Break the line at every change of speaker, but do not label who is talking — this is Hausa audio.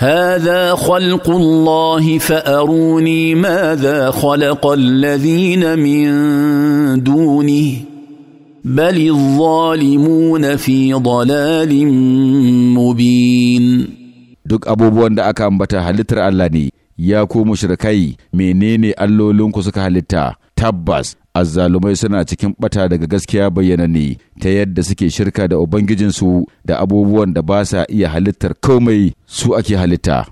هذا خلق الله فاروني ماذا خلق الذين من دونه بل الظالمون في ضلال مبين duk
abubuwan da aka ambata halittar Allah ne ya ku mushrikai menene allolinku suka halitta tabbas azzalumai suna cikin bata daga gaskiya bayyana ne ta yadda suke shirka da ubangijinsu da abubuwan da ba sa iya halittar komai su
ake halitta